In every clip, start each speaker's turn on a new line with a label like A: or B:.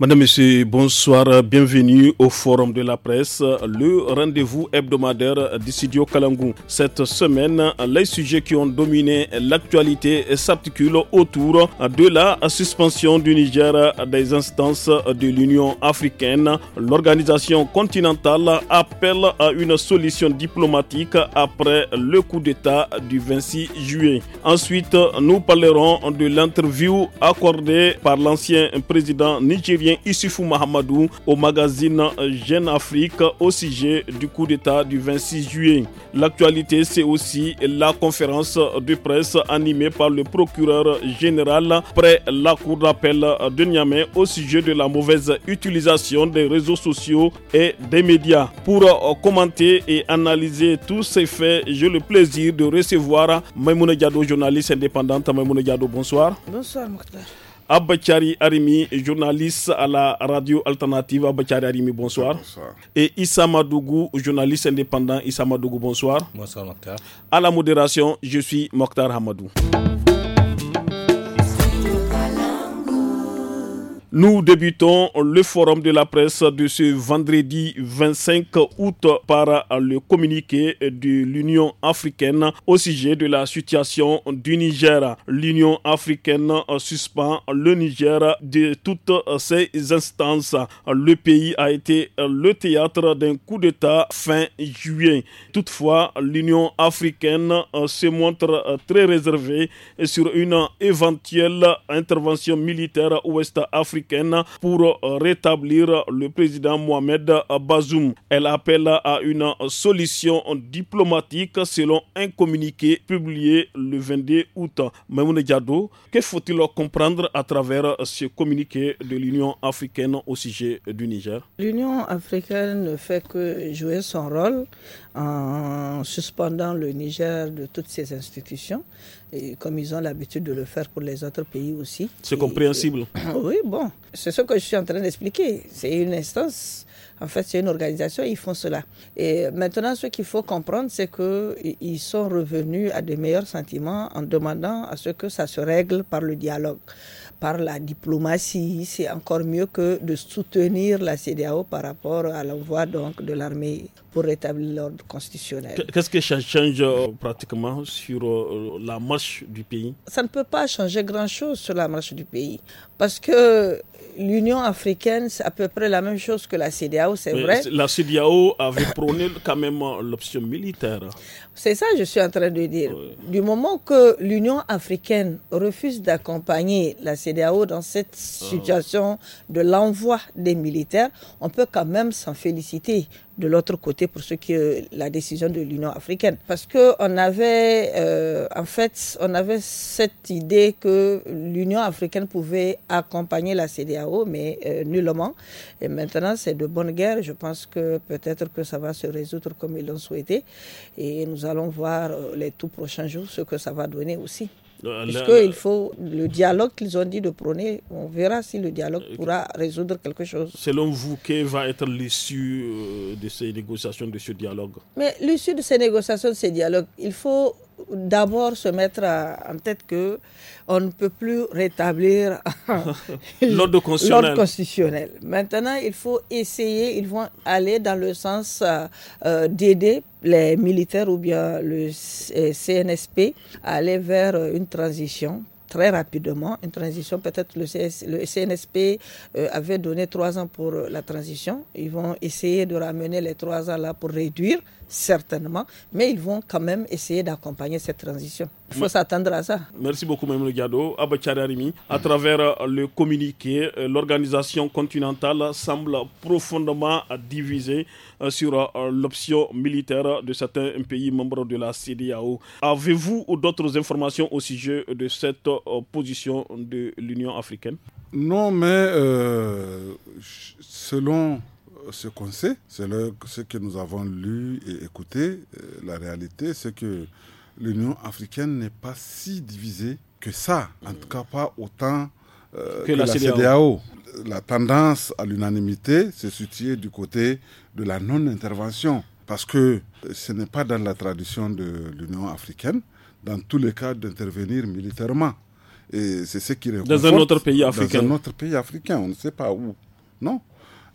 A: Madame, Monsieur, bonsoir. Bienvenue au Forum de la presse, le rendez-vous hebdomadaire du Kalangou. Cette semaine, les sujets qui ont dominé l'actualité s'articulent autour de la suspension du Niger des instances de l'Union africaine. L'organisation continentale appelle à une solution diplomatique après le coup d'État du 26 juillet. Ensuite, nous parlerons de l'interview accordée par l'ancien président nigérien issifu Mahamadou au magazine Jeune Afrique au sujet du coup d'État du 26 juillet. L'actualité, c'est aussi la conférence de presse animée par le procureur général près la cour d'appel de Niamey au sujet de la mauvaise utilisation des réseaux sociaux et des médias. Pour euh, commenter et analyser tous ces faits, j'ai le plaisir de recevoir Maimouna Diado, journaliste indépendante. Maimouna Diado, bonsoir.
B: Bonsoir, Mokhtar.
A: Abachari Arimi, journaliste à la radio alternative. Abachari Arimi, bonsoir. Et Issa Madougou, journaliste indépendant. Issa Madougou, bonsoir.
C: Bonsoir, Mokhtar.
A: À la modération, je suis Mokhtar Hamadou. Nous débutons le forum de la presse de ce vendredi 25 août par le communiqué de l'Union africaine au sujet de la situation du Niger. L'Union africaine suspend le Niger de toutes ses instances. Le pays a été le théâtre d'un coup d'État fin juillet. Toutefois, l'Union africaine se montre très réservée sur une éventuelle intervention militaire ouest-africaine pour euh, rétablir le président Mohamed Bazoum. Elle appelle à une solution diplomatique selon un communiqué publié le 22 août. Mamoune Diado, que faut-il comprendre à travers ce communiqué de l'Union africaine au sujet du Niger
B: L'Union africaine ne fait que jouer son rôle en suspendant le Niger de toutes ses institutions, et comme ils ont l'habitude de le faire pour les autres pays aussi. C'est
A: compréhensible.
B: oui, bon, c'est ce que je suis en train d'expliquer. C'est une instance, en fait, c'est une organisation, ils font cela. Et maintenant, ce qu'il faut comprendre, c'est qu'ils sont revenus à de meilleurs sentiments en demandant à ce que ça se règle par le dialogue, par la diplomatie. C'est encore mieux que de soutenir la CDAO par rapport à l'envoi donc de l'armée pour rétablir l'ordre constitutionnel.
A: Qu'est-ce que ça change euh, pratiquement sur euh, la marche du pays
B: Ça ne peut pas changer grand-chose sur la marche du pays parce que l'Union africaine, c'est à peu près la même chose que la CDAO, c'est vrai.
A: La CDAO avait prôné quand même euh, l'option militaire.
B: C'est ça que je suis en train de dire. Du moment que l'Union africaine refuse d'accompagner la CDAO dans cette ah. situation de l'envoi des militaires, on peut quand même s'en féliciter de l'autre côté pour ce qui est la décision de l'Union africaine. Parce que on avait, euh, en fait, on avait cette idée que l'Union africaine pouvait accompagner la CDAO, mais euh, nullement. Et maintenant, c'est de bonne guerre. Je pense que peut-être que ça va se résoudre comme ils l'ont souhaité. Et nous allons voir euh, les tout prochains jours ce que ça va donner aussi.
A: Euh, Puisqu'il
B: faut le dialogue qu'ils ont dit de prôner, on verra si le dialogue euh, pourra résoudre quelque chose.
A: Selon vous, quelle va être l'issue euh, de ces négociations, de ce dialogue
B: Mais l'issue de ces négociations, de ces dialogues, il faut d'abord se mettre en tête que on ne peut plus rétablir l'ordre constitutionnel. Maintenant, il faut essayer, ils vont aller dans le sens euh, euh, d'aider les militaires ou bien le CNSP euh, à aller vers une transition très rapidement une transition. Peut-être le, le CNSP euh, avait donné trois ans pour la transition. Ils vont essayer de ramener les trois ans là pour réduire, certainement, mais ils vont quand même essayer d'accompagner cette transition. Il faut s'attendre à ça.
A: Merci beaucoup, Mme Legado. à travers euh, le communiqué, euh, l'organisation continentale semble profondément divisée euh, sur l'option militaire de certains pays membres de la CDAO. Avez-vous d'autres informations au sujet de cette position de l'Union africaine
D: Non, mais selon ce qu'on sait, c'est ce que nous avons lu et écouté, la réalité, c'est que l'Union africaine n'est pas si divisée que ça, en tout cas pas autant euh, que, la, CDAO. La tendance à l'unanimité se situe du côté de la non-intervention, parce que euh, ce n'est pas dans la tradition de l'Union africaine, dans tous les cas, d'intervenir militairement. Et c'est ce qui Dans un autre pays africain. Dans un autre pays africain, on ne sait pas où. Non.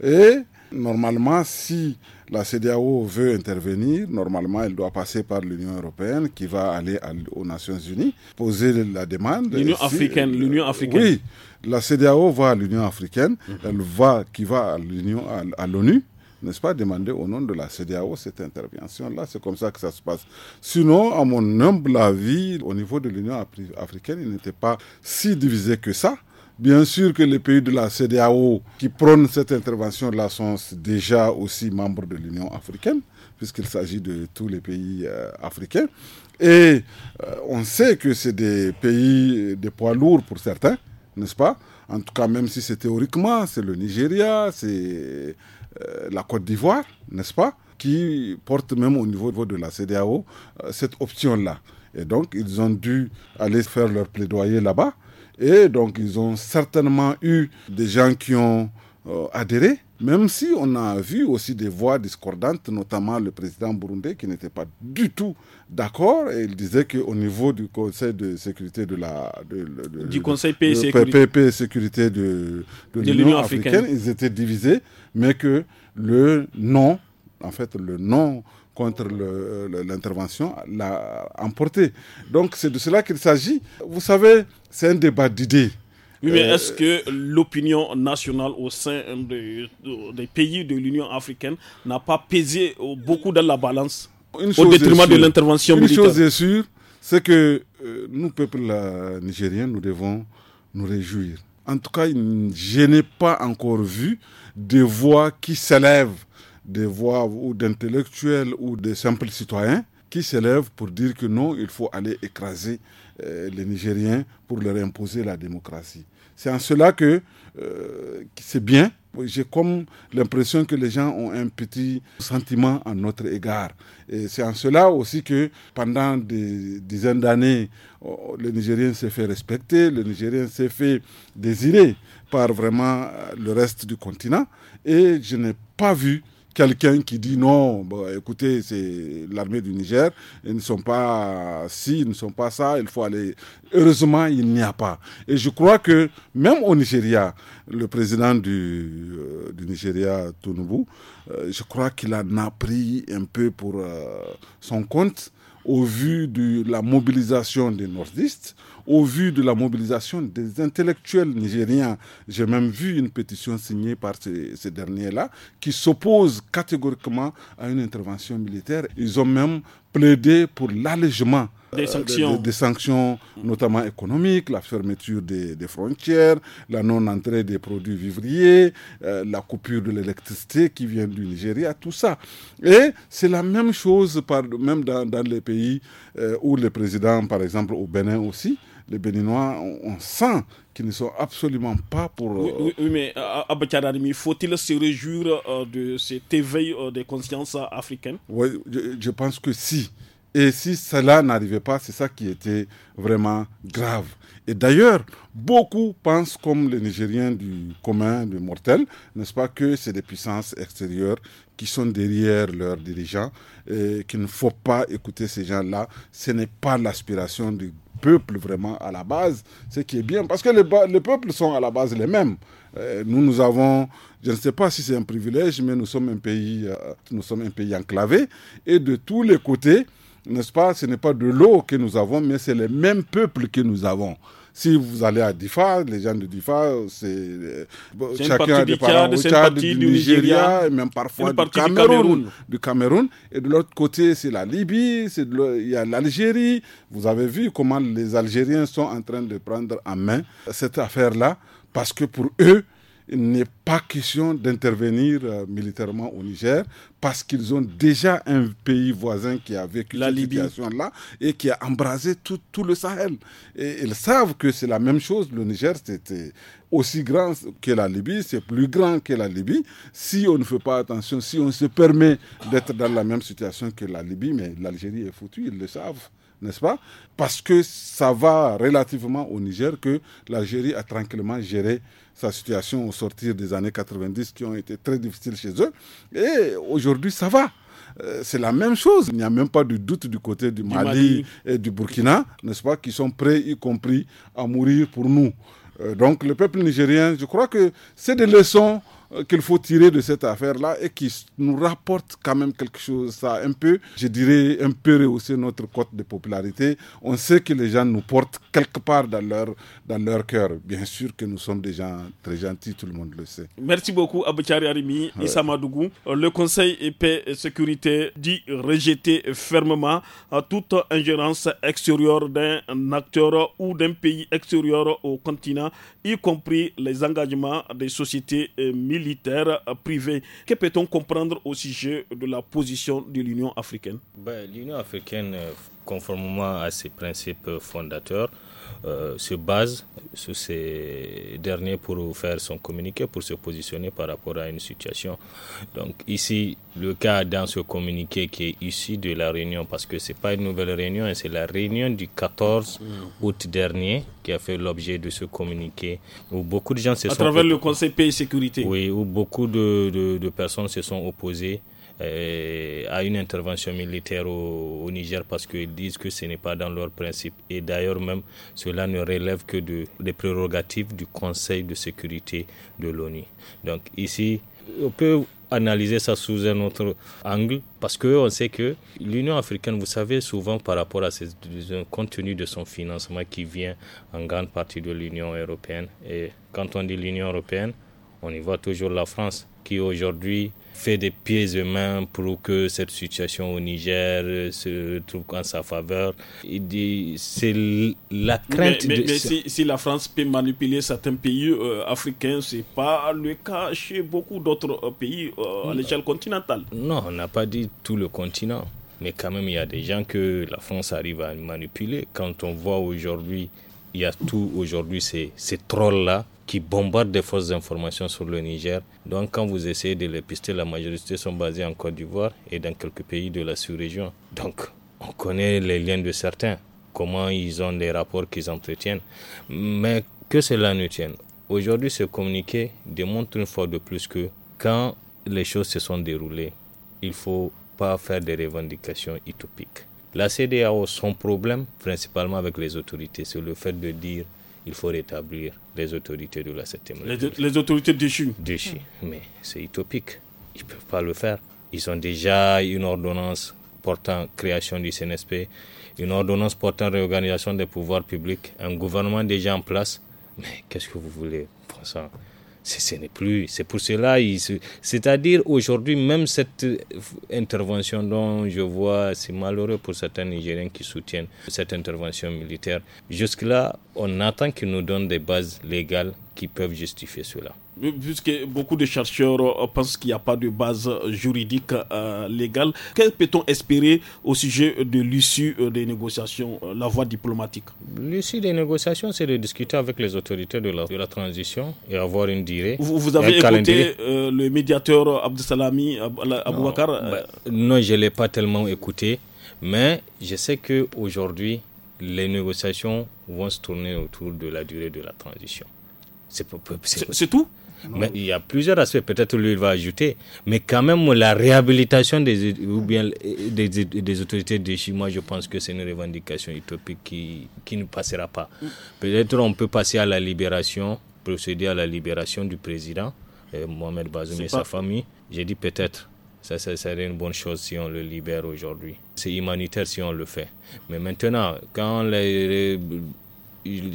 D: Et Normalement, si la CDAO veut intervenir, normalement, elle doit passer par l'Union européenne qui va aller aux Nations unies, poser la demande. L'Union africaine, euh, l'Union africaine. Oui, la CDAO va à l'Union africaine, elle va, qui va à l'Union, à l'ONU n'est-ce pas, demander au nom de la CDAO cette intervention-là. C'est comme ça que ça se passe. Sinon, à mon humble avis, au niveau de l'Union africaine, il n'était pas si divisé que ça. Bien sûr que les pays de la CDAO qui prônent cette intervention-là sont déjà aussi membres de l'Union africaine, puisqu'il s'agit de tous les pays euh, africains. Et euh, on sait que c'est des pays euh, de poids lourds pour certains, n'est-ce pas En tout cas, même si c'est théoriquement, c'est le Nigeria, c'est la Côte d'Ivoire, n'est-ce pas Qui portent même au niveau de la CDAO cette option-là. Et donc, ils ont dû aller faire leur plaidoyer là-bas. Et donc, ils ont certainement eu des gens qui ont euh, adhéré, même si on a vu aussi des voix discordantes, notamment le président burundais qui n'était pas du tout d'accord. Et il disait qu'au niveau du Conseil de sécurité de la. du Conseil sécurité. de, l'Union africaine. africaine, ils étaient divisés, mais que le non, en fait, le non contre l'intervention l'a emporté. Donc c'est de cela qu'il s'agit. Vous savez, c'est un débat d'idées. Oui, mais euh,
A: est-ce que l'opinion nationale au sein des, pays de l'Union africaine n'a pas pesé beaucoup dans la balance au détriment de l'intervention militaire Une chose est
D: sûre, c'est que euh, nous, peuple nigérien, nous devons nous réjouir. En tout cas, je n'ai pas encore vu des voix qui s'élèvent des voix ou d'intellectuels ou de simples citoyens qui s'élèvent pour dire que non, il faut aller écraser euh, les Nigériens pour leur imposer la démocratie. C'est en cela que euh, c'est bien. J'ai comme l'impression que les gens ont un petit sentiment à notre égard. Et c'est en cela aussi que pendant des dizaines d'années, oh, oh, le Nigérien s'est fait respecter, le Nigérien s'est fait désirer par vraiment euh, le reste du continent. Et je n'ai pas vu quelqu'un qui dit non, écoutez, c'est l'armée du Niger, ils ne sont pas ci, ils ne sont pas ça, il faut aller. Heureusement, il n'y a pas. Et je crois que même au Nigeria, le président du, euh, du Nigeria, Tounoubou, euh, je crois qu'il en a pris un peu pour euh, son compte au vu de la mobilisation des nordistes, au vu de la mobilisation des intellectuels nigériens. J'ai même vu une pétition signée par ces, derniers-là qui s'opposent catégoriquement à une intervention militaire. Ils ont même plaidé pour l'allègement des euh, sanctions, des, sanctions notamment économiques, la fermeture des, frontières, la non-entrée des produits vivriers, euh, la coupure de l'électricité qui vient du Nigeria, tout ça. Et c'est la même chose par, même dans, les pays euh, où le président, par exemple au Bénin aussi, les Béninois, on, sent qu'ils ne sont absolument pas pour. Oui,
A: mais mais euh, faut-il se réjouir de cet éveil des consciences africaines
D: Oui, je, pense que si. Et si cela n'arrivait pas, c'est ça qui était vraiment grave. Et d'ailleurs, beaucoup pensent comme les Nigériens du commun, du mortel, n'est-ce pas, que c'est des puissances extérieures qui sont derrière leurs dirigeants, et qu'il ne faut pas écouter ces gens-là. Ce n'est pas l'aspiration du peuple vraiment à la base, ce qui est bien, parce que les, les peuples sont à la base les mêmes. Euh, nous, nous avons, je ne sais pas si c'est un privilège, mais nous sommes un pays, euh, nous sommes un pays enclavé, et de tous les côtés, n'est-ce pas Ce n'est pas de l'eau que nous avons, mais c'est les mêmes peuples que nous avons. Si vous allez à Difa, les gens de Difa, c'est euh, chacun a des parents du, Nigeria, même parfois du Cameroun, du Cameroun, du Cameroun. Et de l'autre côté, c'est la Libye, il y a l'Algérie. Vous avez vu comment les Algériens sont en train de prendre en main cette affaire-là, parce que pour eux, il n'est pas question d'intervenir euh, militairement au Niger parce qu'ils ont déjà un pays voisin qui a vécu la cette situation-là et qui a embrasé tout, tout le Sahel. Et ils savent que c'est la même chose. Le Niger, c'était aussi grand que la Libye, c'est plus grand que la Libye. Si on ne fait pas attention, si on se permet d'être dans la même situation que la Libye, mais l'Algérie est foutue, ils le savent n'est-ce pas Parce que ça va relativement au Niger que l'Algérie a tranquillement géré sa situation au sortir des années 90 qui ont été très difficiles chez eux. Et aujourd'hui, ça va. Euh, c'est la même chose. Il n'y a même pas de doute du côté du Mali, et du Burkina, n'est-ce pas, qui sont prêts, y compris, à mourir pour nous. Euh, donc le peuple nigérien, je crois que c'est des leçons euh, qu'il faut tirer de cette affaire-là et qui nous rapporte quand même quelque chose. Ça un peu, je dirais, un peu rehaussé notre cote de popularité. On sait que les gens nous portent quelque part dans leur, dans leur cœur. Bien sûr que nous sommes des gens très gentils, tout le monde le sait.
A: Merci beaucoup, Abouchari Arimi, Issamadougou. Euh, le Conseil de paix et sécurité dit rejeter fermement euh, toute ingérence extérieure d'un acteur ou d'un pays extérieur au continent, y compris les engagements des sociétés militaires militaire privé. Que peut-on comprendre au sujet de la position de l'Union africaine
C: ben, L'Union africaine, euh, conformément à ses principes fondateurs, se euh, base sur ces derniers pour faire son communiqué, pour se positionner par rapport à une situation. Donc ici, le cas dans ce communiqué qui est issu de la réunion, parce que ce n'est pas une nouvelle réunion, hein, c'est la réunion du 14 mm. août dernier qui a fait l'objet de ce communiqué, où beaucoup de gens se à sont... À travers le Conseil Pays Sécurité. Oui, où beaucoup de, de personnes se sont opposées euh, à une intervention militaire au, Niger parce qu'ils disent que ce n'est pas dans leurs principes. Et d'ailleurs même, cela ne relève que de, des prérogatives du Conseil de sécurité de l'ONU. Donc ici, on peut analyser ça sous un autre angle parce qu'on sait que l'Union africaine, vous savez, souvent par rapport à ce contenu de son financement qui vient en grande partie de l'Union européenne. Et quand on dit l'Union européenne, on y voit toujours la France qui aujourd'hui fait des pieds et mains pour que cette situation au Niger se trouve en sa faveur. Il dit c'est la crainte. Mais, si,
A: la France peut manipuler certains pays africains, euh, africains, c'est pas le cas chez beaucoup d'autres euh, pays euh, à l'échelle
C: continentale. Non, on n'a pas dit tout le continent. Mais quand même, il y a des gens que la France arrive à manipuler. Quand on voit aujourd'hui, il y a tout aujourd'hui ces trolls-là qui bombardent des fausses informations sur le Niger. Donc quand vous essayez de les pister, la majorité sont basées en Côte d'Ivoire et dans quelques pays de la sous-région. Donc on connaît les liens de certains, comment ils ont des rapports qu'ils entretiennent. Mais que cela ne tienne. Aujourd'hui, ce communiqué démontre une fois de plus que quand les choses se sont déroulées, il faut pas faire des revendications utopiques. La CDAO, son problème, principalement avec les autorités, c'est le fait de dire il faut rétablir les autorités de la 7 les, les, autorités déchues. Déchues. Mais c'est utopique. Ils ne peuvent pas le faire. Ils ont déjà une ordonnance portant création du CNSP, une ordonnance portant réorganisation des pouvoirs publics, un gouvernement déjà en place. Mais qu'est-ce que vous voulez, ça ce n'est plus. C'est pour cela. C'est-à-dire aujourd'hui, même cette euh, intervention dont je vois, c'est malheureux pour certains Nigériens qui soutiennent cette intervention militaire. Jusque-là, on attend qu'ils nous donnent des bases légales qui peuvent justifier cela
A: puisque beaucoup de chercheurs euh, pensent qu'il n'y a pas de base euh, juridique euh, légale, qu'est-ce que peut-on espérer au sujet de l'issue des négociations,
C: la voie diplomatique L'issue des négociations, c'est de discuter avec les autorités de la, transition et avoir une durée. Vous, avez écouté le médiateur Abdesalami Aboubakar Non, ben, non, je ne l'ai pas tellement écouté, mais je sais qu'aujourd'hui, les négociations vont se tourner autour de la durée de la transition. C'est tout mais il y a plusieurs aspects, peut-être lui il va ajouter, mais quand même la réhabilitation des, ou bien des, autorités de Chine, moi je pense que c'est une revendication utopique qui, qui ne passera pas. Peut-être on peut passer à la libération, procéder à la libération du président, euh, Mohamed Bazoum et sa famille. J'ai dit peut-être. Ça, ça, serait une bonne chose si on le libère aujourd'hui. C'est humanitaire si on le fait. Mais maintenant, quand les,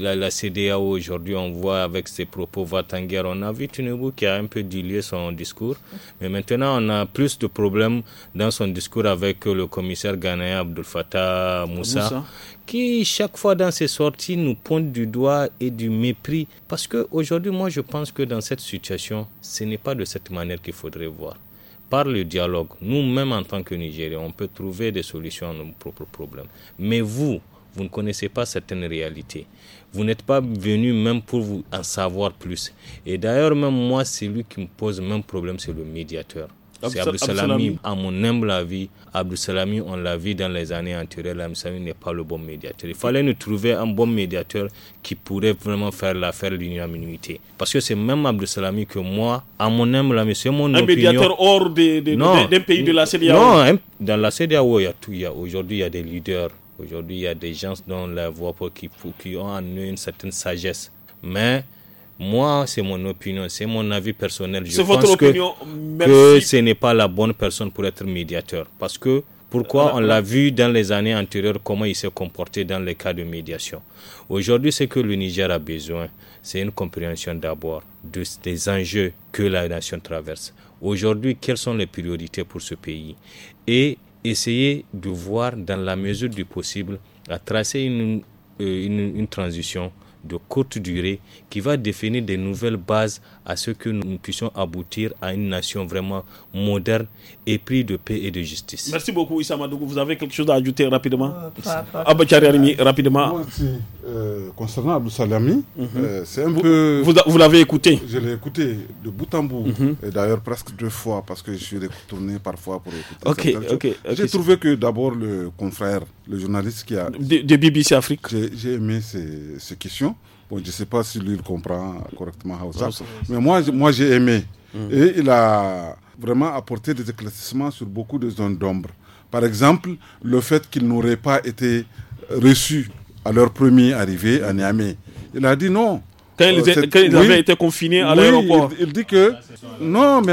C: la, la CDAO aujourd'hui, on voit avec ses propos va On a vu Tinubu qui a un peu dilué son discours. Mais maintenant, on a plus de problèmes dans son discours avec le commissaire ghanéen abdul Fattah Moussa, qui chaque fois dans ses sorties nous pointe du doigt et du mépris. Parce qu'aujourd'hui, moi, je pense que dans cette situation, ce n'est pas de cette manière qu'il faudrait voir par le dialogue, nous-mêmes en tant que Nigériens, on peut trouver des solutions à nos propres problèmes. Mais vous, vous ne connaissez pas certaines réalités. Vous n'êtes pas venu même pour vous en savoir plus. Et d'ailleurs, même moi, c'est lui qui me pose le même problème, c'est le médiateur. C'est Abdou Salami. À mon humble avis, Abdou Salami, on l'a vu dans les années antérieures, Abdou Salami n'est pas le bon médiateur. Il fallait nous trouver un bon médiateur qui pourrait vraiment faire l'affaire de l'unanimité. Parce que c'est même Abdou Salami que moi, à mon humble avis, c'est mon opinion. Un médiateur hors des pays de la CDAO Non, hein. dans la CDAO, il y a tout. Aujourd'hui, il y a des leaders Aujourd'hui, il y a des gens dont la voix qui, qui ont en eux une certaine sagesse. Mais moi, c'est mon opinion, c'est mon avis personnel. Je votre pense opinion, que, que ce n'est pas la bonne personne pour être médiateur. Parce que pourquoi on l'a vu dans les années antérieures, comment il s'est comporté dans les cas de médiation. Aujourd'hui, ce que le Niger a besoin, c'est une compréhension d'abord de, des enjeux que la nation traverse. Aujourd'hui, quelles sont les priorités pour ce pays Et essayer de voir dans la mesure du possible à tracer une, euh, une transition de courte durée qui va définir des nouvelles bases à ce que nous puissions aboutir à une nation vraiment moderne, épris de paix et de justice.
A: Merci beaucoup Issa Vous avez quelque chose à ajouter rapidement euh, Abachari rapidement.
D: Euh, concernant Abdou Salami, mhm. euh, c'est un peu... Vous, l'avez écouté Je l'ai écouté de bout en bout, mhm. et d'ailleurs presque deux fois, parce que je suis retourné parfois pour écouter. Ok, ok. J'ai trouvé que d'abord le confrère, le journaliste qui a... De, BBC Afrique. J'ai aimé ces questions. Bon, je ne sais pas si lui il comprend correctement Hausa, mais moi, moi j'ai aimé. Mm. Et il a vraiment apporté des éclaircissements sur beaucoup de zones d'ombre. Par exemple, le fait qu'ils n'auraient pas été reçus à leur premier arrivée à Niamey. Il a dit non. Quand ils, euh, avaient été confinés à l'aéroport. Il, dit que.
A: Non, mais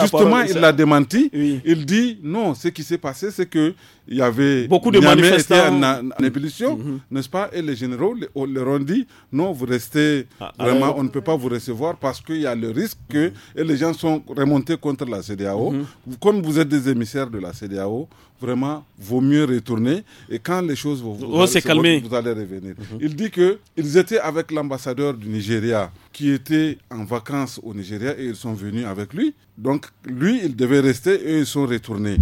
A: justement, il l'a
D: démenti. Il dit non, ce qui s'est passé, c'est que il y avait beaucoup de manifestants en, mm-hmm. ébullition, mm-hmm. n'est-ce pas Et les généraux leur ont dit non, vous restez ah, ah, vraiment, on ne peut pas vous recevoir parce qu'il y a le risque que mm-hmm. et les gens sont remontés contre la CDAO. Comme vous êtes des émissaires de la CDAO, vraiment, vaut mieux retourner. Et quand les choses vont se calmer, vous allez revenir. Il dit que ils étaient avec l'ambassadeur du Nigeria qui était en vacances au Nigeria et ils sont venus avec lui. Donc lui, il devait rester et ils sont retournés.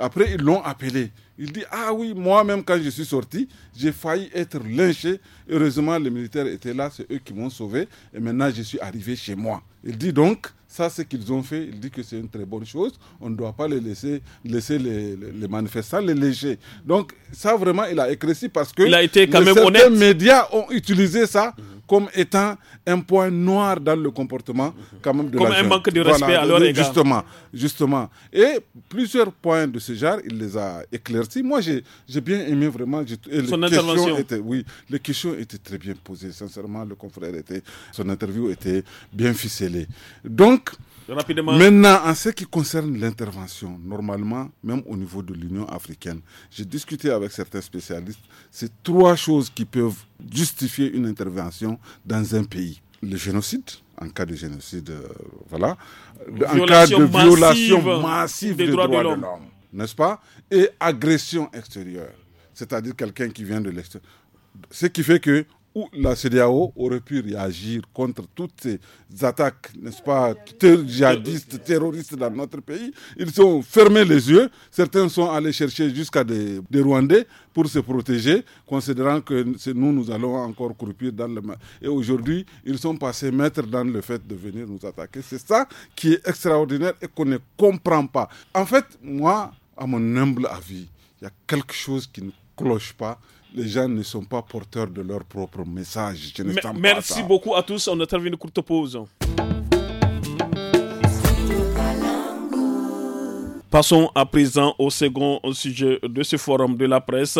D: Après, ils l'ont appelé. Il dit Ah oui, moi-même, quand je suis sorti, j'ai failli être lynché. Heureusement, les militaires étaient là, c'est eux qui m'ont sauvé. Et maintenant, je suis arrivé chez moi. Il dit donc ça, c'est ce qu'ils ont fait, il dit que c'est une très bonne chose. On ne doit pas les laisser, laisser les, manifestants les léger. Donc, ça, vraiment, il a écrit parce que il a été quand médias ont utilisé ça comme étant un point noir dans le comportement, quand même, de Comme un manque de respect à Justement, justement. Et plusieurs points de ce genre, il les a éclaircis moi, j'ai bien aimé vraiment. son intervention. oui, les questions étaient très bien posées. Sincèrement, le confrère était. Son interview était bien ficelée. Donc. Maintenant, en ce qui concerne l'intervention, normalement, même au niveau de l'Union africaine, j'ai discuté avec certains spécialistes, c'est trois choses qui peuvent justifier une intervention dans un pays. Le génocide, en cas de génocide, euh, voilà. en cas de violation massive, des, droits de l'homme n'est-ce pas Et agression extérieure, c'est-à-dire quelqu'un qui vient de l'extérieur. Ce qui fait que où la CDAO aurait pu réagir contre toutes ces attaques, n'est-ce pas, djihadistes, terroristes dans notre pays. Ils ont fermé les yeux. Certains sont allés chercher jusqu'à des, des, Rwandais pour se protéger, considérant que nous, nous allons encore croupir dans le... Et aujourd'hui, ils sont passés maîtres dans le fait de venir nous attaquer. C'est ça qui est extraordinaire et qu'on ne comprend pas. En fait, moi, à mon humble avis, il y a quelque chose qui ne cloche pas les gens ne sont pas porteurs de leur propre message. merci
A: beaucoup à tous. On a terminé une courte pause. Passons à présent au second sujet de ce forum de la presse.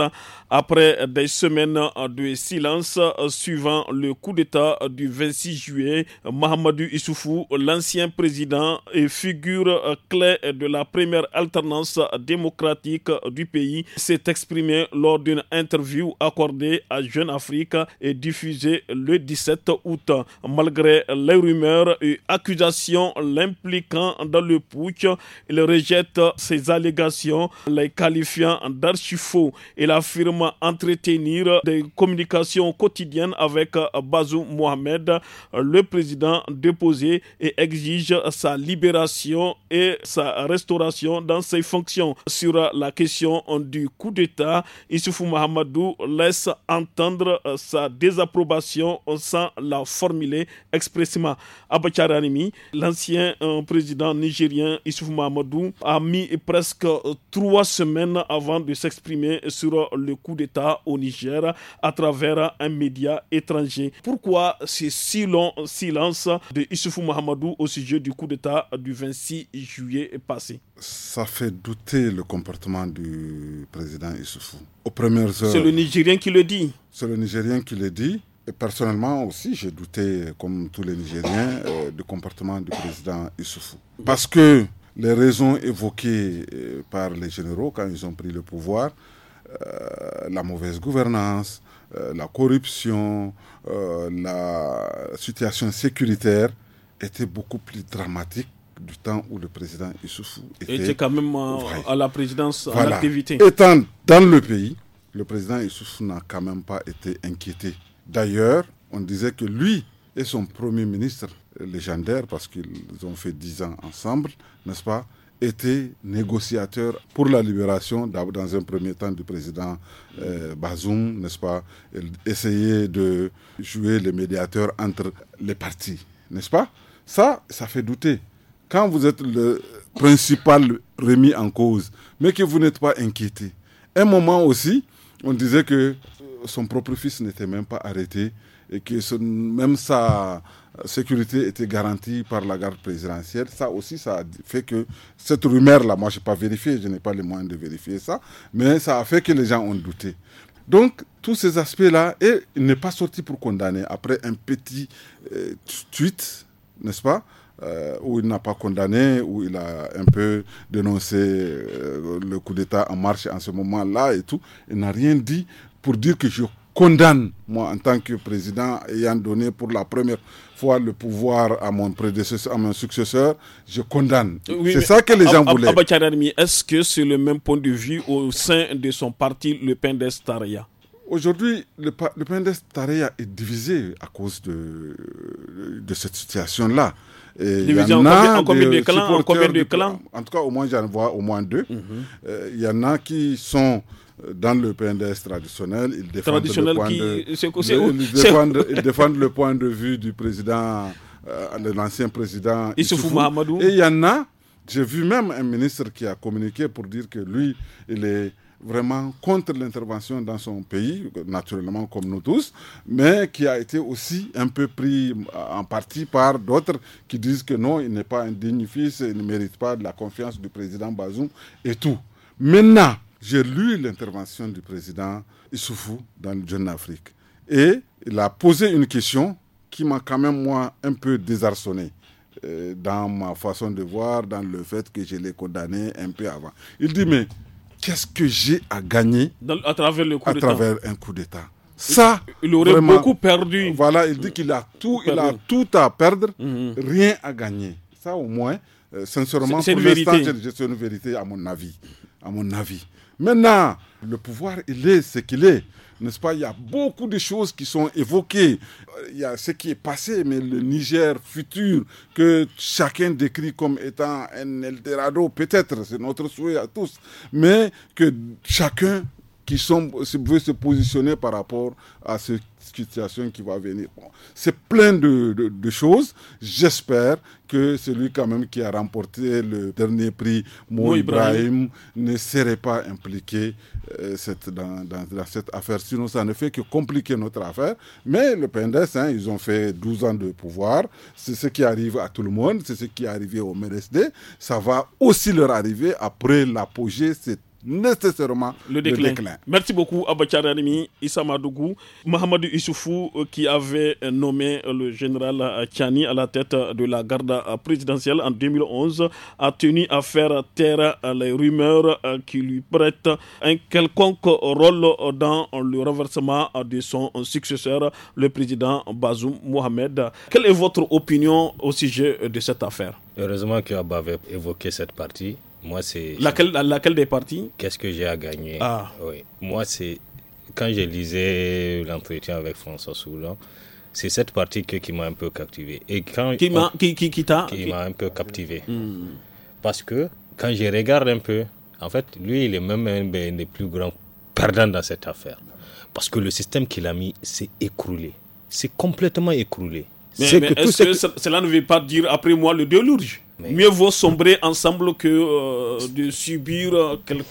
A: Après des semaines de silence suivant le coup d'État du 26 juillet, Mahamadou Issoufou, l'ancien président et figure clé de la première alternance démocratique du pays, s'est exprimé lors d'une interview accordée à Jeune Afrique et diffusée le 17 août. Malgré les rumeurs et accusations l'impliquant dans le putsch, il rejette ses ces allégations, les qualifiant d'archifaux. et affirme entretenir des communications quotidiennes avec euh, Bazou Mohamed, euh, le président déposé, et exige sa libération et sa restauration dans ses fonctions. Sur la question du coup d'État, Issoufou Mahamadou laisse entendre euh, sa désapprobation sans la formuler expressément. Abacharanimi, l'ancien président nigérien Issoufou Mahamadou, a mis presque trois semaines avant de s'exprimer sur le coup d'État au Niger à travers un média étranger. Pourquoi ce si long silence de Issoufou Mahamadou au sujet du coup d'État du 26 juillet passé
D: Ça fait douter le comportement du président Issoufou. Aux premières heures. C'est le Nigérien qui le dit. C'est le Nigérien qui le dit. Et personnellement aussi, j'ai douté, comme tous les Nigériens, euh, du comportement du président Issoufou. Parce que les raisons évoquées euh, par les généraux quand ils ont pris le pouvoir, euh, la mauvaise gouvernance, euh, la corruption, la situation sécuritaire, étaient beaucoup plus dramatiques du temps où le président Issoufou était, était
A: quand même à la présidence à en activité. Étant
D: dans le pays, le président Issoufou n'a quand même pas été inquiété. D'ailleurs, on disait que lui et son premier ministre légendaire parce qu'ils ont fait dix ans ensemble, n'est-ce pas était négociateur pour la libération, dans un premier temps, du président euh, Bazoum, n'est-ce pas essayer essayait de jouer le médiateur entre les partis, n'est-ce pas Ça, ça fait douter. Quand vous êtes le principal remis en cause, mais que vous n'êtes pas inquiété. Un moment aussi, on disait que son propre fils n'était même pas arrêté et que même sa sécurité était garantie par la garde présidentielle. Ça aussi, ça a fait que cette rumeur-là, moi, je n'ai pas vérifié, je n'ai pas les moyens de vérifier ça, mais ça a fait que les gens ont douté. Donc, tous ces aspects-là, et il n'est pas sorti pour condamner après un petit euh, tweet, n'est-ce pas euh, où il n'a pas condamné, où il a un peu dénoncé euh, le coup d'État en marche en ce moment-là et tout. Il n'a rien dit pour dire que je condamne, moi, en tant que président, ayant donné pour la première fois le pouvoir à mon prédécesseur, à mon successeur, je condamne. c'est ça que les gens voulaient.
A: est-ce que c'est le même point de vue au sein de son parti, le Pendestaria
D: Aujourd'hui, le, Pendestaria est divisé à cause de, de cette situation-là. Divisé en, en, combien de clans, en de clans En tout cas, au moins, j'en vois au moins deux. Mhm. Euh, il y en a qui sont dans le PNDS traditionnel, ils défendent, le, point de... le point de vue du président, euh, de l'ancien président Issoufou Mahamadou. Et il y en a, j'ai vu même un ministre qui a communiqué pour dire que lui, il est vraiment contre l'intervention dans son pays, naturellement comme nous tous, mais qui a été aussi un peu pris en partie par d'autres qui disent que non, il n'est pas un digne fils, il ne mérite pas de la confiance du président Bazoum et tout. Maintenant, j'ai lu l'intervention du président Issoufou dans le Jeune Afrique et il a posé une question qui m'a quand même, moi, un peu désarçonné euh, dans ma façon de voir, dans le fait que je l'ai condamné un peu avant. Il dit, mais qu'est-ce que j'ai à gagner
A: à travers, le à travers un
D: coup d'État ça, il, aurait beaucoup perdu. Voilà, il dit qu'il a tout, il a tout à perdre, mhm. rien à gagner. Ça au moins, euh, sincèrement, pour c'est une vérité à mon avis, à mon avis. Maintenant, le pouvoir, il est ce qu'il est. N'est-ce pas Il y a beaucoup de choses qui sont évoquées. Euh, il y a ce qui est passé, mais le Niger futur, que chacun décrit comme étant un Eldorado, peut-être, c'est notre souhait à tous, mais que chacun qui veut se positionner par rapport à cette situation qui va venir. c'est plein de choses. J'espère que celui quand même qui a remporté le dernier prix, Mo Ibrahim, ne serait pas impliqué euh, cette, dans, cette affaire. Sinon, ça ne fait que compliquer notre affaire. Mais le PNDES, hein, ils ont fait 12 ans de pouvoir. C'est ce qui arrive à tout le monde. C'est ce qui est arrivé au MRSD. Ça va aussi leur arriver après
A: l'apogée. C'est nécessairement le déclin. Merci beaucoup Abacharami, Issa Madougou, Mohamedou Issoufou euh, qui avait euh, nommé euh, le général Tchani à la tête de la garde présidentielle en 2011 a tenu à faire taire les rumeurs qui lui prêtent un quelconque rôle dans le renversement de son successeur, le président Bazoum Mohamed. Quelle est votre opinion
C: au sujet de cette affaire Heureusement que Abba avait évoqué cette partie moi, c'est. Laquelle, laquelle des parties Qu'est-ce que j'ai à gagner ah. oui. Moi, c'est. Quand je lisais l'entretien avec François Soulan, c'est cette partie qui m'a un peu captivé. Et quand qui m'a qui, qui, qui m'a un peu captivé. Hmm. Parce que quand je regarde un peu, en fait, lui, il est même un, des plus grands perdants dans cette affaire. Parce que le système qu'il a mis s'est écroulé. C'est complètement écroulé. Mais, ce
A: cela ne veut pas dire après moi le lourge Mieux vaut sombrer ensemble que euh, de subir
C: euh, quelque.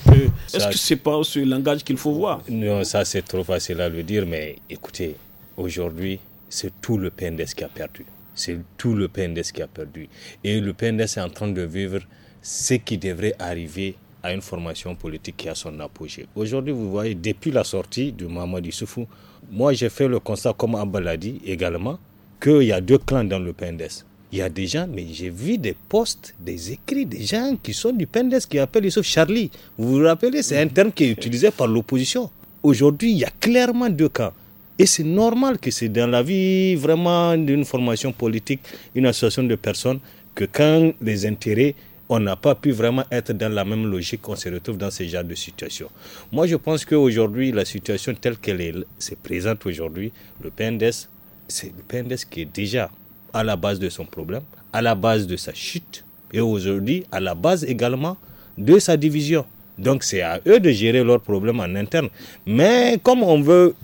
C: Est-ce que que c'est pas ce langage qu'il faut voir Non, ça c'est trop facile à le dire, mais écoutez, aujourd'hui, c'est tout le PNDS qui a perdu. C'est tout le PNDS qui a perdu. Et le PNDS est en train de vivre ce qui devrait arriver à une formation politique qui a son apogée. Aujourd'hui, vous voyez, depuis la sortie de Mamadou Soufou, moi j'ai fait le constat, comme Abba l'a dit également, qu'il y a deux clans dans le PNDS. Il y a des gens, mais j'ai vu des postes, des écrits, des gens qui sont du Pendes qui appellent Youssouf Charlie. Vous vous rappelez, c'est un terme qui est utilisé par l'opposition. Aujourd'hui, il y a clairement deux camps. Et c'est normal que c'est dans la vie vraiment d'une formation politique, une association de personnes, que quand les intérêts, on n'a pas pu vraiment être dans la même logique, on se retrouve dans ce genre de situation. Moi, je pense qu'aujourd'hui, la situation telle qu'elle se présente aujourd'hui, le PENDES, c'est le PNDES qui est déjà à la base de son problème, à la base de sa chute et aujourd'hui à la base également de sa division. Donc c'est à eux de gérer leurs problèmes en interne. Mais comme on veut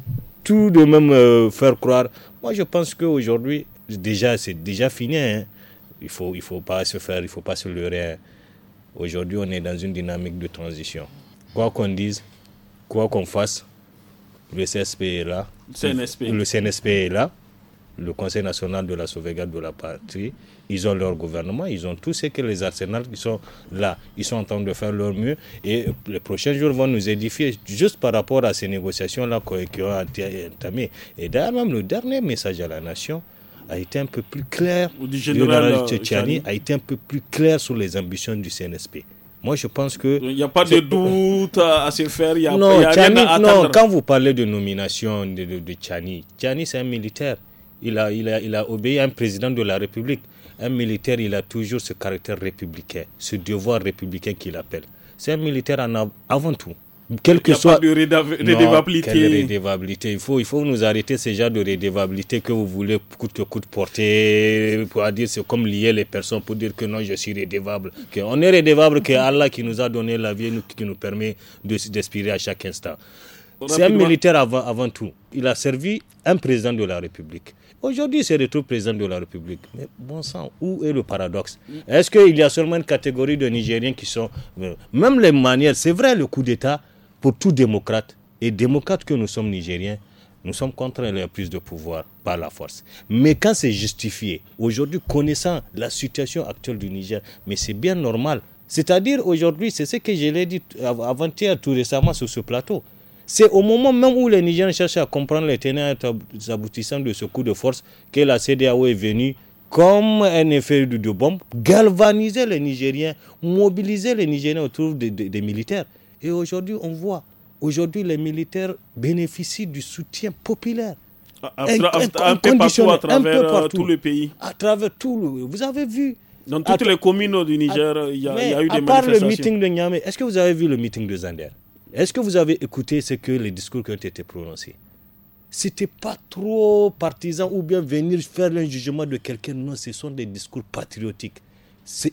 C: tout de même euh, faire croire, moi je pense qu'aujourd'hui, déjà c'est déjà fini. Hein. Il ne faut, il faut pas se faire, il ne faut pas se leurrer. Aujourd'hui on est dans une dynamique de transition. Quoi qu'on dise, quoi qu'on fasse, le CSP est là. Le CNSP. Le CNSP est là le Conseil national de la sauvegarde de la patrie, ils ont leur gouvernement, ils ont tous ce que les arsenals qui sont là, ils sont en train de faire leur mieux et les prochains jours vont nous édifier juste par rapport à ces négociations-là qui ont été entamées. Et d'ailleurs, même le dernier message à la nation a été un peu plus clair, le général euh, Tchani a été un peu plus clair sur les ambitions du CNSP. Moi, je pense que. Il n'y a pas de doute
A: à, se faire.
C: Il y a, non, non, quand vous parlez de nomination de, de, Tchani c'est un militaire il a, il, a, il a obéi à un président de la République. Un militaire, il a toujours ce caractère républicain, ce devoir républicain qu'il appelle. C'est un militaire avant tout. Quel que il soit. Pas de rédévabilité. Il faut, il faut nous arrêter ce genre de redévabilité que vous voulez coûte que coûte porter. Pour dire, c'est comme lier les personnes pour dire que non, je suis redévable. Que on est rédévable que Allah qui nous a donné la vie, qui nous permet d'expirer à chaque instant.
A: C'est un militaire
C: avant tout. Il a servi un président de la République. Aujourd'hui, c'est se retrouve président de la République. Mais bon sang, où est le paradoxe Est-ce qu'il y a seulement une catégorie de Nigériens qui sont... Euh, même les manières, c'est vrai, le coup d'État, pour tout démocrate, et démocrate que nous sommes Nigériens, nous sommes contre leur prise de pouvoir par la force. Mais quand c'est justifié, aujourd'hui, connaissant la situation actuelle du Niger, mais c'est bien normal. C'est-à-dire aujourd'hui, c'est ce que je l'ai dit avant-hier tout récemment sur ce plateau. C'est au moment même où les Nigériens cherchent à comprendre les ténèbres et aboutissants de ce coup de force que la CDAO est venue comme un effet de, bombe, galvaniser les Nigériens, mobiliser les Nigériens autour des, militaires. Et aujourd'hui, on voit, aujourd'hui, les militaires bénéficient du soutien populaire.
A: À, un, un, peu partout à travers euh, tout le
C: pays. À travers tout
A: le Vous avez vu. Dans toutes les communes du Niger, il y, a eu des manifestations. À part le meeting
C: de Niamey, est-ce que vous avez vu le meeting de Zander est-ce que vous avez écouté ce que les discours qui ont été prononcés C'était pas trop partisan ou bien venir faire le jugement de quelqu'un. Non, ce sont des discours patriotiques.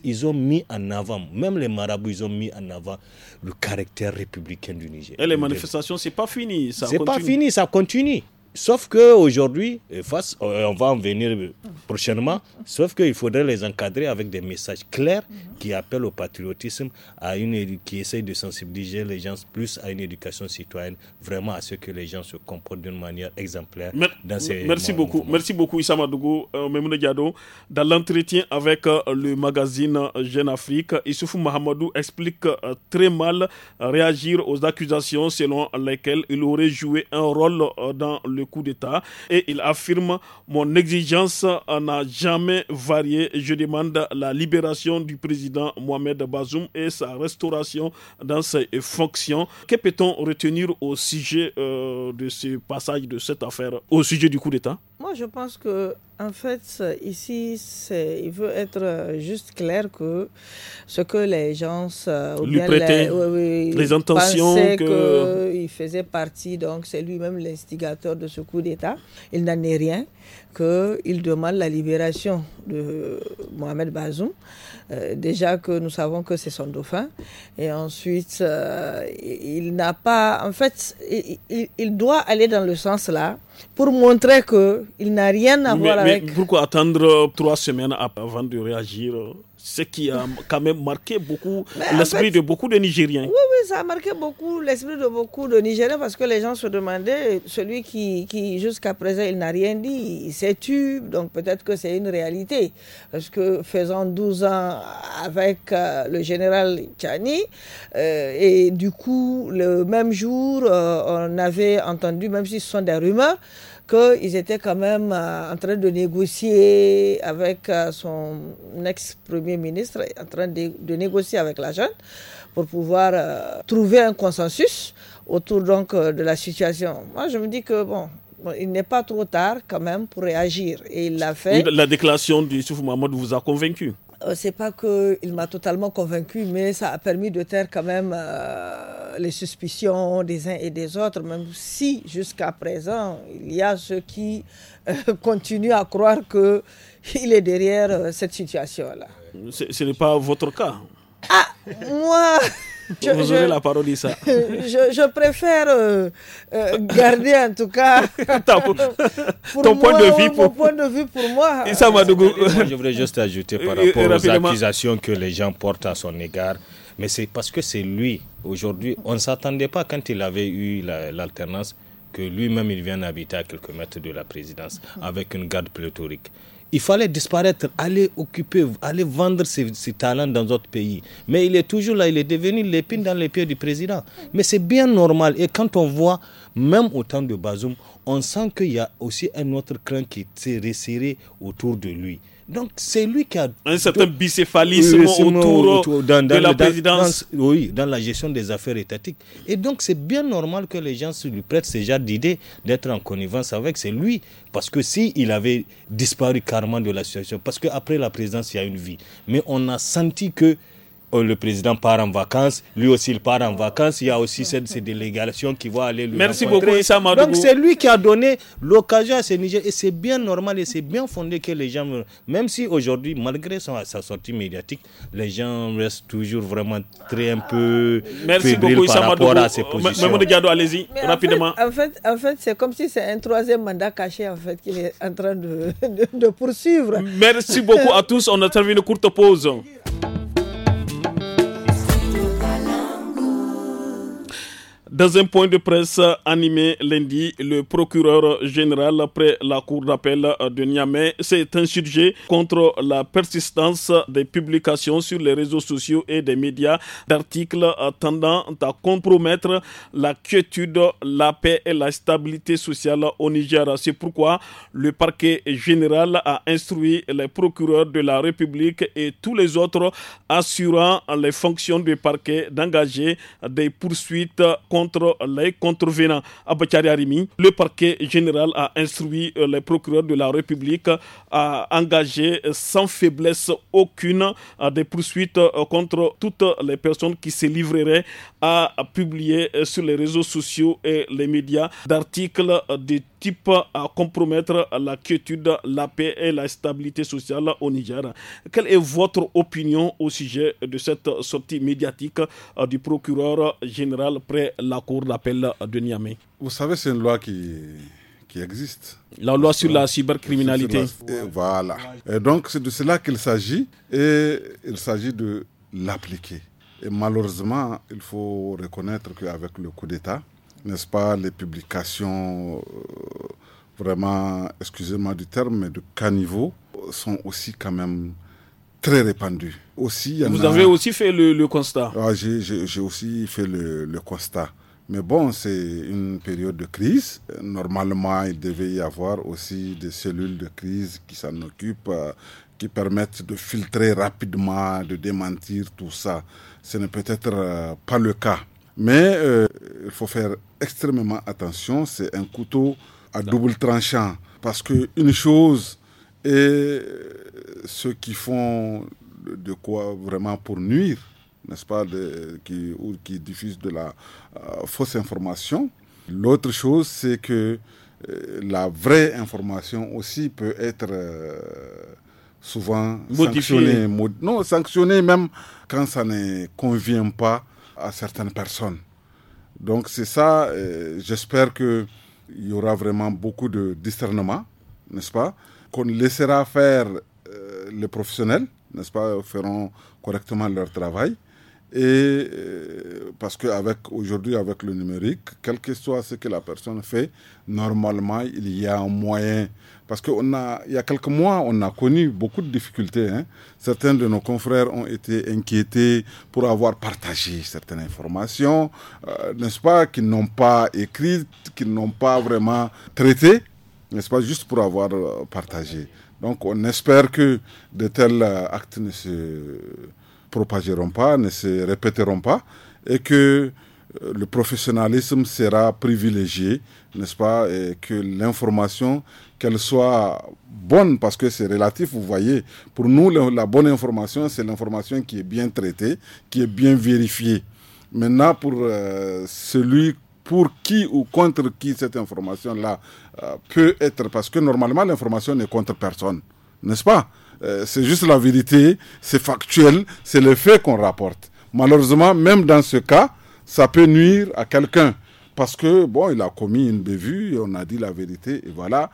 C: Ils ont mis en avant, même les marabouts, ils ont mis en avant le caractère républicain du Niger. Et les manifestations,
A: c'est pas fini. C'est pas fini,
C: ça continue. Sauf qu'aujourd'hui, euh, on va en venir prochainement, sauf qu'il faudrait les encadrer avec des messages clairs qui appellent au patriotisme, à une, qui essayent de sensibiliser les gens plus à une éducation citoyenne, vraiment à ce que les gens se comportent d'une manière exemplaire. merci beaucoup,
A: merci beaucoup Issa Madougou, euh, Dans l'entretien avec euh, le magazine Jeune Afrique, Issoufou Mahamadou explique très mal réagir aux accusations selon lesquelles il aurait joué un rôle dans le coup d'État et il affirme Mon exigence n'a jamais varié. Je demande la libération du président Mohamed Bazoum et sa restauration dans ses fonctions. Que peut-on retenir au sujet euh, de ce passage de cette affaire, au sujet du coup d'État
B: moi, je pense que, en fait, ici, il veut être euh, juste clair que ce que les gens qu'il faisait partie, donc c'est lui-même l'instigateur de ce coup d'État. Il n'en est rien, qu'il demande la libération de Mohamed Bazoum. Euh, déjà que nous savons que c'est son dauphin. Et ensuite, euh, il n'a pas. En fait, il doit aller dans le sens là pour montrer qu'il n'a rien à voir mais avec.
A: Pourquoi attendre trois semaines avant de réagir ce qui a quand même marqué beaucoup l'esprit de beaucoup de Nigériens. Oui,
B: oui, ça a marqué beaucoup l'esprit de beaucoup de Nigériens parce que les gens se demandaient, celui qui, jusqu'à présent, il n'a rien dit, il s'est tu, donc peut-être que c'est une réalité. Parce que faisant 12 ans avec euh, le général Tchani, euh, et du coup, le même jour, euh, on avait entendu, même si ce sont des rumeurs, qu'ils étaient quand même euh, en train de négocier avec euh, son ex-premier ministre, en train de, négocier avec la jeune pour pouvoir euh, trouver un consensus autour donc de la situation. Moi, je me dis que bon, il n'est pas trop tard quand même pour réagir. Et il l'a fait. la
A: déclaration du Souf Mohamed vous a convaincu
B: euh, c'est pas qu'il m'a totalement convaincu, mais ça a permis de taire quand même euh, les suspicions des uns et des autres, même si jusqu'à présent, il y a ceux qui euh, continuent à croire qu'il est derrière cette situation-là.
A: Ce n'est pas votre cas.
B: Ah, moi je, la Je, préfère euh, euh, garder en tout cas ton point
A: de vue. Pour... de pour euh, moi.
C: je voudrais juste ajouter par rapport aux accusations que les gens portent à son égard. Mais c'est parce que c'est lui, aujourd'hui, on ne s'attendait pas quand il avait eu l'alternance que lui-même il vienne habiter à quelques mètres de la présidence avec une garde pléthorique il fallait disparaître, aller occuper, aller vendre ses, talents dans d'autres pays. Mais il est toujours là, il est devenu l'épine dans les pieds du président. Mais c'est bien normal. Et quand on voit, même au temps de Bazoum, on sent qu'il y a aussi un autre craint qui s'est resserré autour de lui. Donc c'est lui qui a...
A: Un certain bicéphalisme autour, de la présidence.
C: oui, dans la gestion des affaires étatiques. Et donc c'est bien normal que les gens se lui prêtent ce genre d'idée d'être en connivence avec. C'est lui. Parce que s'il il avait disparu carrément de la situation, parce qu'après la présidence, il y a une vie. Mais on a senti que euh, le président part en vacances, lui aussi il part en vacances, il y a aussi cette, ces délégations qui vont aller lui Merci beaucoup Issa Donc c'est lui qui a donné l'occasion à ce Niger et c'est bien normal et c'est bien fondé que les gens, même si aujourd'hui malgré son, sa sortie médiatique, les gens restent toujours vraiment très un peu Merci beaucoup, par rapport à ses euh, positions.
A: allez-y rapidement.
B: En fait, en fait, c'est comme si c'est un troisième mandat caché en fait qu'il est en train de, poursuivre.
A: Merci beaucoup à tous, on a terminé une courte pause. Dans un point de presse animé lundi, le procureur général près la cour d'appel de Niamey s'est insurgé contre la persistance des publications sur les réseaux sociaux et des médias d'articles tendant à compromettre la quiétude, la paix et la stabilité sociale au Niger. C'est pourquoi le parquet général a instruit les procureurs de la République et tous les autres assurant les fonctions du parquet d'engager des poursuites contre les contrevenants. À le parquet général a instruit euh, les procureurs de la République à engager sans faiblesse aucune euh, des poursuites euh, contre toutes les personnes qui se livreraient à publier sur les réseaux sociaux et les médias d'articles de type à compromettre la quiétude, la paix et la stabilité sociale au Niger. Quelle est votre opinion au sujet de cette sortie médiatique euh, du procureur général près la Cour d'appel de Niamey Vous savez, c'est une loi qui,
D: qui existe. La loi sur la cybercriminalité. voilà. Et donc, c'est de cela qu'il s'agit et il s'agit de l'appliquer. Et malheureusement, il faut reconnaître qu'avec le coup d'État, n'est-ce pas, les publications euh, vraiment, excusez-moi du terme, mais de caniveau sont aussi quand même très répandues. Aussi, Vous avez aussi
A: fait le, constat ah,
D: J'ai aussi fait le, constat. Mais bon, c'est une période de crise. Normalement, il devait y avoir aussi des cellules de crise qui s'en occupent, euh, qui permettent de filtrer rapidement, de démentir tout ça. Ce n'est peut-être euh, pas le cas. Mais euh, il faut faire extrêmement attention, c'est un couteau à double tranchant. Parce qu'une chose est euh, ceux qui font de quoi vraiment pour nuire, n'est-ce pas, qui, ou qui diffusent de la euh, fausse information. L'autre chose, c'est que la vraie information aussi peut être souvent sanctionnée. non, sanctionnée même quand ça ne convient pas à certaines personnes. Donc c'est ça, euh, j'espère j'espère qu'il y aura vraiment beaucoup de discernement, n'est-ce pas Qu'on laissera faire euh, les professionnels, n'est-ce pas, feront correctement leur travail. Et euh, parce qu'aujourd'hui aujourd'hui, avec le numérique, quel que soit ce que la personne fait, normalement, il y a un moyen. Parce qu'il a, il y a quelques mois, on a connu beaucoup de difficultés. Hein. Certains de nos confrères ont été inquiétés pour avoir partagé certaines informations, euh, n'est-ce pas, qu'ils n'ont pas écrites, qu'ils n'ont pas vraiment traitées, n'est-ce pas, juste pour avoir euh, partagé. Donc, on espère que de tels actes ne se propageront pas, ne se répéteront pas, et que euh, le professionnalisme sera privilégié, n'est-ce pas, et que l'information, qu'elle soit bonne, parce que c'est relatif, vous voyez, pour nous, la bonne information, c'est l'information qui est bien traitée, qui est bien vérifiée. Maintenant, pour euh, celui pour qui ou contre qui cette information-là euh, peut être, parce que normalement, l'information n'est contre personne, n'est-ce pas euh, c'est juste la vérité, c'est factuel, c'est le fait qu'on rapporte. Malheureusement, même dans ce cas, ça peut nuire à quelqu'un. Parce que, bon, il a commis une bévue, et on a dit la vérité, et voilà.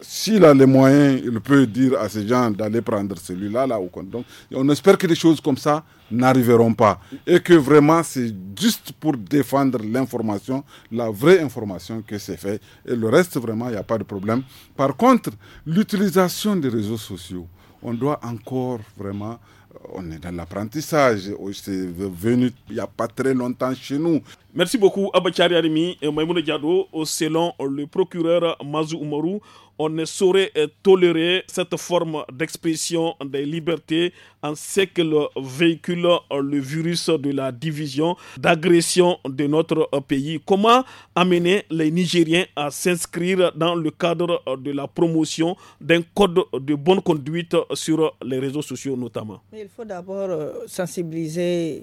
D: S'il a les moyens, il peut dire à ces gens d'aller prendre celui-là, là, ou Donc, on espère que des choses comme ça n'arriveront pas. Et que vraiment, c'est juste pour défendre l'information, la vraie information que c'est fait. Et le reste, vraiment, il n'y a pas de problème. Par contre, l'utilisation des réseaux sociaux, on doit encore vraiment euh, on est dans l'apprentissage. Oh, c'est venu il n'y a pas très longtemps
A: chez nous. Merci beaucoup, Abachari Arimi et Maïmoune Diado. Selon le procureur Mazou Umaru on ne saurait euh, tolérer cette forme d'expression des libertés en ce le véhicule euh, le virus de la division, d'agression de notre euh, pays. Comment amener les Nigériens à s'inscrire dans le cadre de la promotion d'un code de bonne conduite sur les réseaux sociaux notamment
B: Il faut d'abord sensibiliser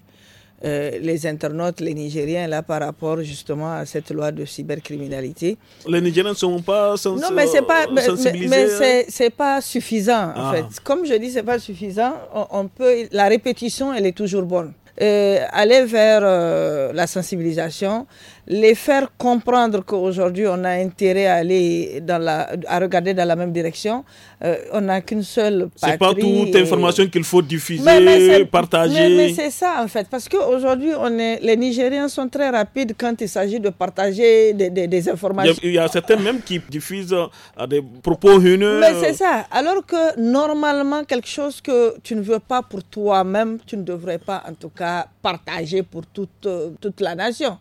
B: euh, les internautes, les Nigériens, là, par rapport justement à cette loi de cybercriminalité.
A: Les Nigériens ne sont
B: pas sensibilisés Non, mais c'est pas, mais, hein. c'est, pas suffisant, en ah. fait. Comme je dis, c'est pas suffisant. On, peut, la répétition, elle est toujours bonne. Euh, aller vers euh, la sensibilisation, les faire comprendre qu'aujourd'hui on a intérêt à aller à regarder dans la même direction. Euh, on n'a qu'une seule. C'est pas toute information
A: qu'il faut diffuser, partager. Mais, c'est
B: ça en fait, parce qu'aujourd'hui on les Nigériens sont très rapides quand il s'agit de partager des, informations.
A: Il y, a, il certains même qui diffusent euh, des propos haineux. Mais c'est
B: ça. Alors que normalement quelque chose que tu ne veux pas pour toi-même, tu ne devrais pas en tout cas partager pour toute toute la nation.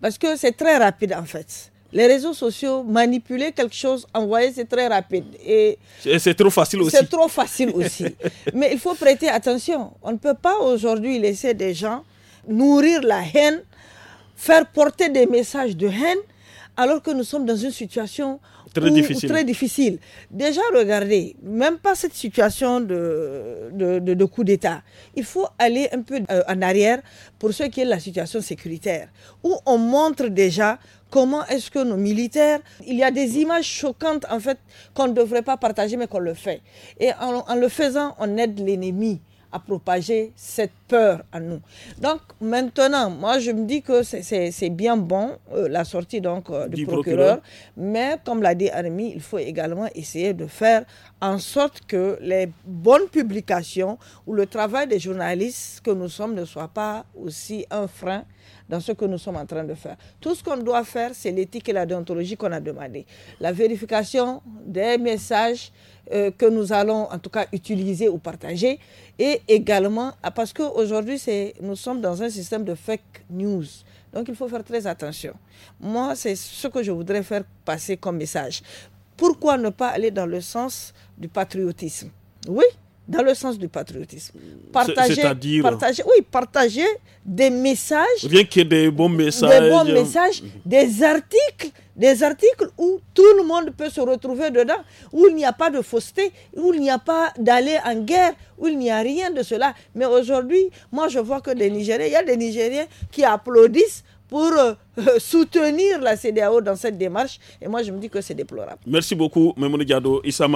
B: Parce que c'est très rapide en fait. Les réseaux sociaux, manipuler quelque chose, envoyer, c'est très rapide. Et,
A: c'est trop facile aussi. C'est
B: trop facile aussi. Mais il faut prêter attention. On ne peut pas aujourd'hui laisser des gens nourrir la haine, faire porter des messages de haine, alors que nous sommes dans une situation très, difficile. très difficile. Déjà, regardez, même pas cette situation de, de, coup d'État. Il faut aller un peu euh, en arrière pour ce qui est de la situation sécuritaire, où on montre déjà comment est-ce que nos militaires, il y a des images choquantes en fait qu'on ne devrait pas partager mais qu'on le fait. Et en le faisant, on aide l'ennemi à propager cette peur à nous. Donc maintenant, moi je me dis que c'est bien bon euh, la sortie donc euh, du, procureur, procureur, mais comme l'a dit Armi, il faut également essayer de faire en sorte que les bonnes publications ou le travail des journalistes que nous sommes ne soit pas aussi un frein dans ce que nous sommes en train de faire. Tout ce qu'on doit faire, c'est l'éthique et la déontologie qu'on a demandé. La vérification des messages euh, que nous allons en tout cas utiliser ou partager. Et également, ah, parce qu'aujourd'hui, nous sommes dans un système de fake news. Donc il faut faire très attention. Moi, c'est ce que je voudrais faire passer comme message. Pourquoi ne pas aller dans le sens du patriotisme Oui, dans le sens du patriotisme. Partager, partager, oui, partager des messages. Rien
A: qu'il des bons messages. Des bons messages,
B: des articles, des articles où tout le monde peut se retrouver dedans, où il n'y a pas de fausseté, où il n'y a pas d'aller en guerre, où il n'y a rien de cela. Mais aujourd'hui, moi, je vois que des Nigériens, il y a des Nigériens qui applaudissent pour euh, soutenir la CDAO dans cette démarche. Et moi, je me dis que c'est déplorable.
A: Merci beaucoup, Memo Diado, Issa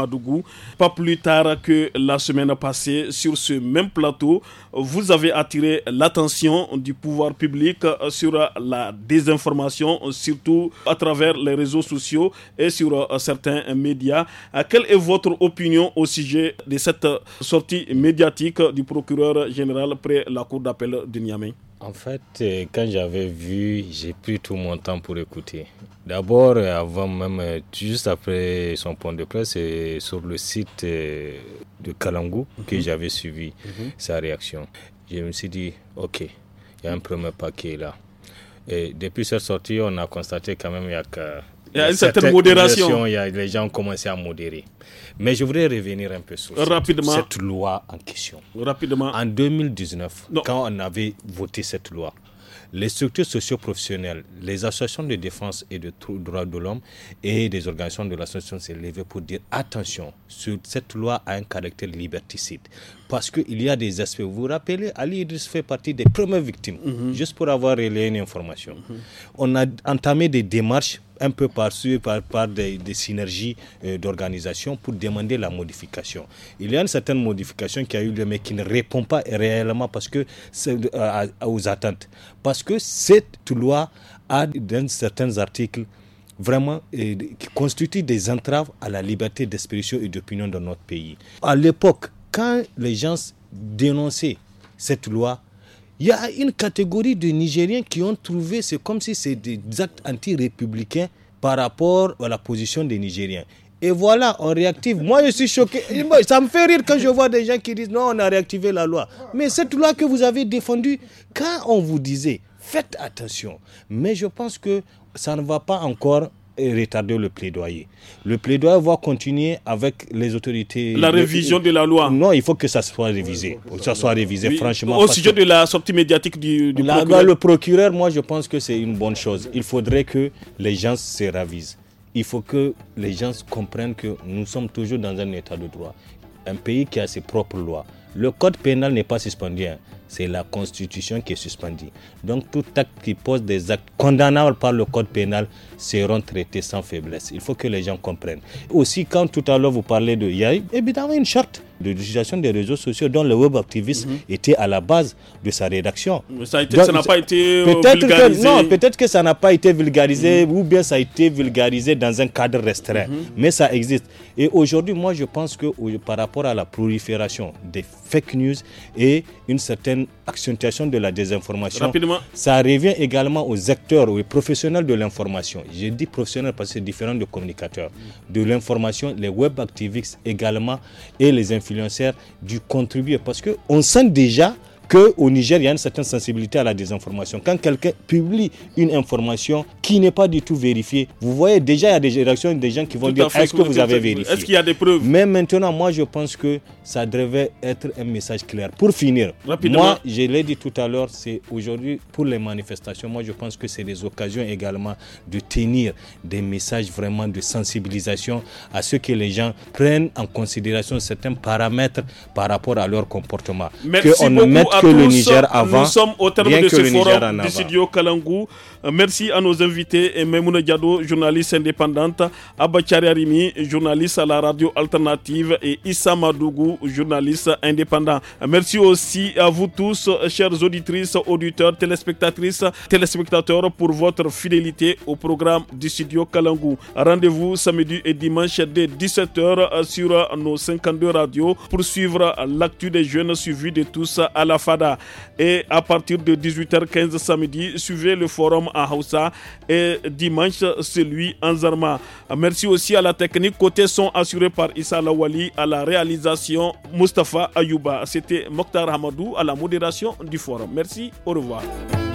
A: Pas plus tard que la semaine passée, sur ce même plateau, vous avez attiré l'attention du pouvoir public euh, sur euh, la désinformation, surtout à travers les réseaux sociaux et sur certains médias. Quelle est votre opinion au sujet de cette sortie médiatique du procureur général près la cour d'appel de Niamey
C: en fait, euh, quand j'avais vu, j'ai pris tout mon temps pour écouter. D'abord, euh, avant même, euh, juste après son point de presse, sur le site de Kalangu que mhm. j'avais suivi mhm. sa réaction. Je me suis dit, ok, il y a un premier paquet là. Et depuis cette sortie, on a constaté quand même qu'il y a il y a une certaine modération. Il y a, les gens ont commencé à modérer. Mais je voudrais revenir un peu sur Cette, loi en question. Rapidement. En 2019, quand on avait voté cette loi, les structures socioprofessionnelles, les associations de défense et de droits de l'homme et des organisations de l'association société s'est levées pour dire attention, sur cette loi a un caractère liberticide. Parce qu'il y a des aspects. Vous vous rappelez, Ali Idris fait partie des premières victimes, mhm. juste pour avoir relayé une information. On a entamé des démarches un peu par, par, par des, synergies euh, d'organisation pour demander la modification. Il y a une certaine modification qui a eu lieu, mais qui ne répond pas réellement parce que, euh, aux attentes. Parce que cette loi a, dans certains articles, vraiment euh, qui constituent des entraves à la liberté d'expression et d'opinion dans notre pays. À l'époque, quand les gens dénonçaient cette loi, il y a une catégorie de Nigériens qui ont trouvé, c'est comme si c'est des actes anti-républicains par rapport à la position des Nigériens. Et voilà, on réactive. Moi, je suis choqué. Ça me fait rire quand je vois des gens qui disent non, on a réactivé la loi. Mais cette loi que vous avez défendue, quand on vous disait faites attention, mais je pense que ça ne va pas encore retarder le plaidoyer. Le plaidoyer va continuer avec les autorités. La révision de la loi. Non, il faut que ça soit révisé. ça soit révisé, franchement. Au sujet de la sortie médiatique du, le procureur, moi, je pense que c'est une bonne chose. Il faudrait que les gens se ravisent. Il faut que les gens comprennent que nous sommes toujours dans un état de droit. Un pays qui a ses propres lois. Le code pénal n'est pas suspendu. Hein c'est la Constitution qui est suspendue. Donc tout acte qui pose des actes condamnables par le Code pénal seront traités sans faiblesse. Il faut que les gens comprennent. Aussi, quand tout à l'heure vous parlez de... Il y évidemment une charte de l'utilisation des réseaux sociaux dont le web activiste mhm. était à la base de sa rédaction.
A: Mais ça n'a pas été euh, peut-être Que, non,
C: peut-être que ça n'a pas été vulgarisé mhm. ou bien ça a été vulgarisé dans un cadre restreint. Mhm. Mais ça existe. Et aujourd'hui, moi, je pense que par rapport à la prolifération des fake news et une certaine accentuation de la désinformation. Rapidement. Ça revient également aux acteurs, ou aux professionnels de l'information. J'ai dit professionnels parce que c'est différent de communicateurs. De l'information, les web activistes également et les influenceurs du contribuer parce qu'on sent déjà qu'au Niger, il y a une certaine sensibilité à la désinformation. Quand quelqu'un publie une information qui n'est pas du tout vérifiée, vous voyez déjà, il y a des réactions des gens qui vont dire Est-ce que vous avez vérifié Est-ce qu'il y a des preuves Mais maintenant, moi, je pense que ça devait être un message clair. Pour finir, Rapidement. moi, je l'ai dit tout à l'heure, c'est aujourd'hui, pour les manifestations, moi, je pense que c'est des occasions également de tenir des messages vraiment de sensibilisation à ce que les gens prennent en considération certains paramètres par rapport à leur comportement. Merci on le Niger avant, Nous sommes au terme de ce forum du
A: studio Kalangou. Euh, merci à nos invités et Diado, journaliste indépendante, Abachari Arimi, journaliste à la radio alternative et Issa Madougou, journaliste indépendant. Merci aussi à vous tous, chères auditrices, auditeurs, téléspectatrices, téléspectateurs, pour votre fidélité au programme du studio Kalangou. Rendez-vous samedi et dimanche dès 17h sur nos 52 radios pour suivre l'actu des jeunes suivis de tous à la fin. Fada. Et à partir de 18h15 samedi, suivez le forum à Hausa et dimanche celui en Zarma. Merci aussi à la technique côté son assuré par Issa Lawali, à la réalisation Mustafa Ayuba. C'était Mokhtar Hamadou à la modération du forum. Merci, au revoir.